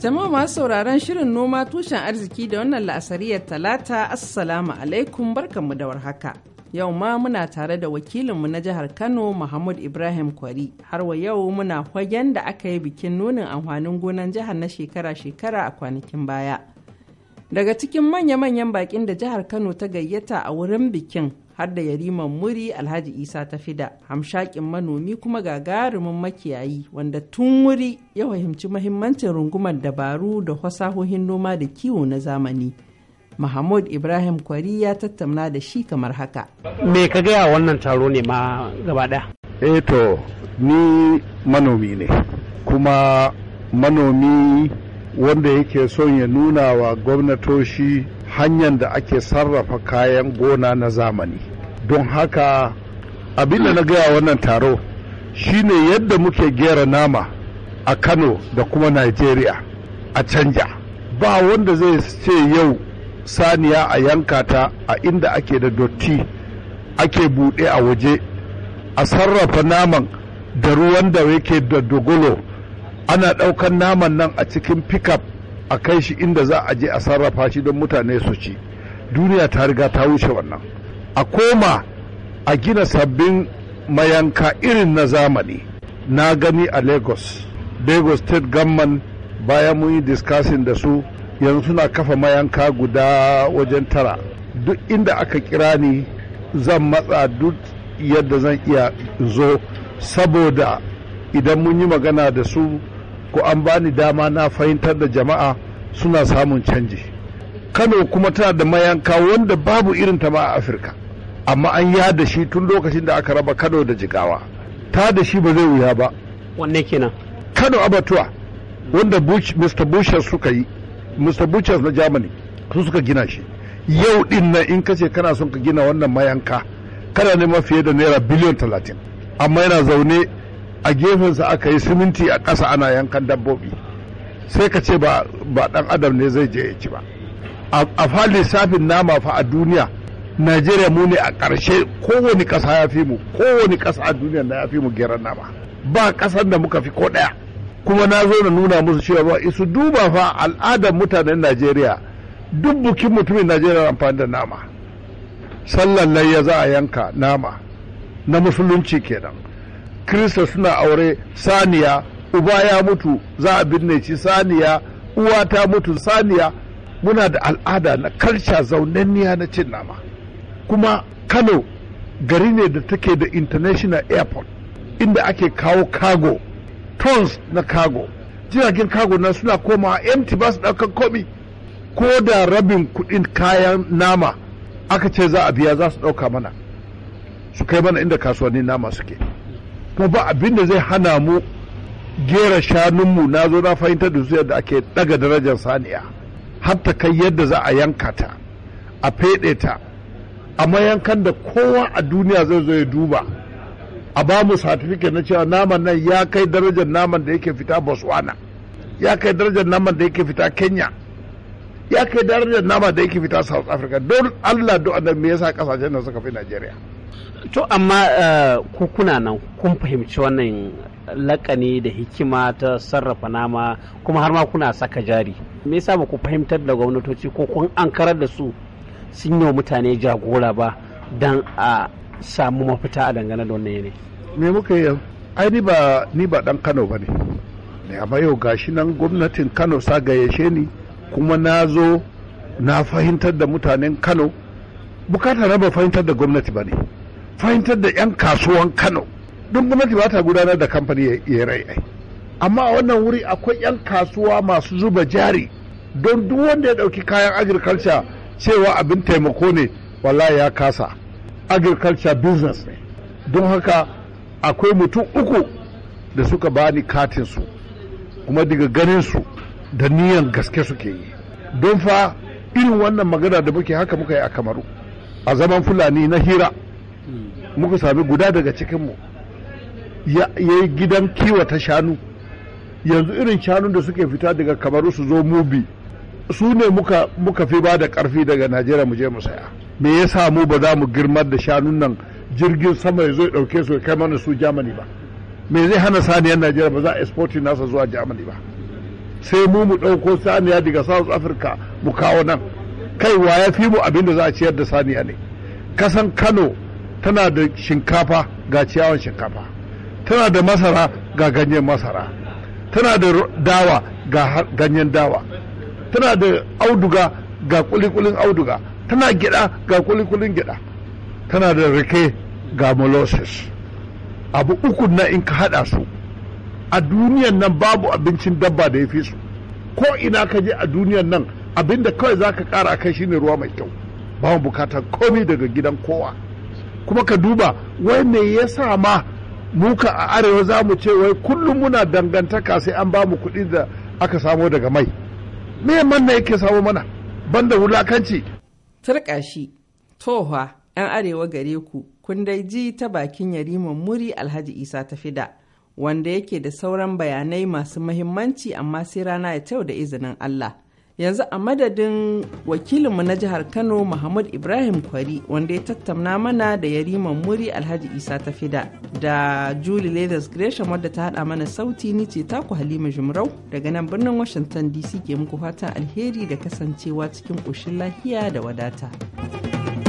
Jama'a masu sauraron shirin noma tushen arziki da wannan la'asariyar talata assalamu alaikum barkanmu da warhaka. Yau ma muna tare da wakilinmu na jihar Kano mahmud Ibrahim Kwari. Har wa yau muna fagen da aka yi bikin nunin amfanin gonan jihar na shekara-shekara a kwanakin baya. Daga cikin manya-manyan bakin da jihar Kano ta gayyata a wurin bikin har da yariman muri alhaji isa ta fi da hamshakin manomi kuma gagarumin makiyayi wanda tun wuri ya fahimci mahimmancin rungumar dabaru da fasahohin noma da kiwo na zamani Mahmud Ibrahim Kwari ya tattauna da shi kamar haka. Me ka gaya wannan taro ne ma gaba ɗaya? eto eh ni manomi ne, kuma manomi wanda yake son ya nuna wa gwamnatoshi hanyar da ake sarrafa kayan gona na zamani. don haka abin na gaya wannan taro shine yadda muke gera nama a kano da kuma nigeria a canja ba wanda zai ce yau saniya a yanka ta a inda ake da dotti ake buɗe a waje a sarrafa naman da ruwan da yake da dogolo ana ɗaukan naman nan a cikin pickup a kai shi inda za a je a sarrafa shi don mutane su ci duniya ta riga ta wuce wannan a koma a gina sabbin mayanka irin na zamani na gani a lagos lagos state gamman bayan mun yi discussing da su yanzu suna kafa mayanka guda wajen tara duk inda aka kira ni zan matsa duk yadda zan iya zo saboda idan mun yi magana da su ko an bani dama na fahimtar da jama'a suna samun canji kano kuma tana da mayanka wanda babu irin ta ma a afirka amma an ya da shi tun lokacin da aka raba kano da jigawa ta da shi ba zai wuya ba wanne kenan kano abatuwa wanda Bush, mr bushers suka yi mr bushers na germany su suka gina shi yau din nan in kace kana son ka gina wannan mayanka kana nema fiye da naira biliyan talatin amma yana zaune a gefensa aka yi siminti a ƙasa ana yankan dabbobi sai ka ce ba dan adam ne zai je ya ci ba a fa lissafin nama fa a duniya najeriya mu ne a ƙarshe kowane ƙasa ya fi mu kowane ƙasa a duniya na ya fi mu geran nama ba ƙasar da muka fi ko ɗaya kuma na zo na nuna musu cewa ba isu duba fa al'adar mutanen najeriya duk bukin mutumin najeriya amfani da nama sallan layya za a yanka nama na musulunci kenan kirista suna aure saniya uba ya mutu za a binne shi saniya uwa ta mutu saniya muna da al'ada na kalsha zaunanniya na cin nama kuma kano gari ne da take da international airport inda ake kawo cargo. tons na cargo jiragen cargo na suna koma empty ba su ɗaukar komi ko da rabin kuɗin kayan nama aka ce za a biya za su ɗauka mana su kai mana inda kasuwannin nama suke kuma ba abin da zai hana mu gera shanunmu na zo na fahimtar da su yadda ake ɗaga darajar saniya har ta kai yadda za a yanka ta a feɗe ta a mayankan da kowa a duniya zai zo ya duba a ba mu satifiket na cewa naman nan ya kai darajar naman da yake fita botswana ya kai darajar naman da yake fita kenya ya kai darajar naman da yake fita south africa don allah do annan me yasa kasashen nan suka fi nigeria to amma eh, kukuna nan kun fahimci wannan lakani da hikima ta sarrafa nama kuma har ma kuna saka jari me yasa ba ku fahimtar da gwamnatoci ko kun ankarar da su sun yi wa mutane jagora ba don a samu mafita a dangane da wannan yanayi me muka yi ai ni ba ni ba dan Kano bane ne amma yau gashi nan gwamnatin Kano sa gayyace ni kuma na zo na fahimtar da mutanen Kano bukatar raba fahimtar da gwamnati bane fahimtar da 'yan kasuwan Kano duk gwamnati ba ta gudanar da kamfani ya rai amma a wannan wuri akwai 'yan kasuwa masu zuba jari don duk wanda ya ɗauki kayan agriculture cewa abin taimako ne wallahi ya kasa agriculture business ne don haka akwai mutum uku da suka bani katinsu kuma daga ganinsu da niyan gaske suke yi don fa irin wannan magana da muke haka muka yi a kamaru a zaman fulani na hira muka sami guda daga cikinmu ya yi gidan kiwata shanu yanzu irin shanu da suke fita daga kamaru su zo mubi su ne muka, muka fi ba da karfi daga najeriya mu je mu saya me ya samu ba za mu girmar da shanun nan jirgin sama ya zo ya ɗauke su kai mana su jamani ba me zai hana saniyar najeriya ba za a exporting nasa zuwa germany ba sai mu mu ɗauko saniya daga south africa mu kawo nan kai wa ya fi mu abin da za a ciyar da saniya ne kasan kano tana da shinkafa ga ciyawan shinkafa tana da masara ga ganyen masara tana da dawa ga ganyen dawa tana da auduga ga kulikulin auduga tana gida ga kulikulin gida tana da rike ga molasses abu uku na in ka hada su a duniyan nan babu abincin dabba da ya fi su ko ina ka je a duniyan nan abinda kawai za ka kara kai shine ruwa mai kyau ba mu bukatar komi daga gidan kowa kuma ka duba wai me ya sa ma muka a arewa za mu ce wai kullum muna dangantaka sai an ba mu kuɗi da aka samo daga mai me man na yake samo mana banda wulakanci turkashi toha yan arewa gare ku kun dai ji ta bakin yariman muri alhaji isa ta fida wanda yake da sauran bayanai masu mahimmanci amma sai rana ya tau da izinin allah yanzu a madadin wakilinmu na jihar kano muhammad ibrahim kwari wanda ya tattauna mana da yariman muri alhaji isa ta fida da julie leathers gresham wadda ta hada mana sauti ni ce taku halima jumrau daga nan birnin washington dc ke muku fatan alheri da kasancewa cikin ƙoshin lahiya da wadata.